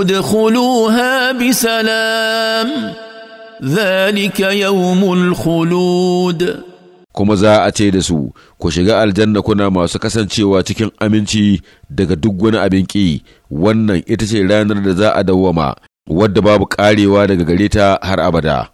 ادخلوها بسلام ذلك يوم الخلود kuma za a ce da su ku shiga aljanna kuna masu kasancewa cikin aminci daga duk wani abin ƙi wannan ita ce ranar da za a dawwama wadda babu ƙarewa daga gare ta har abada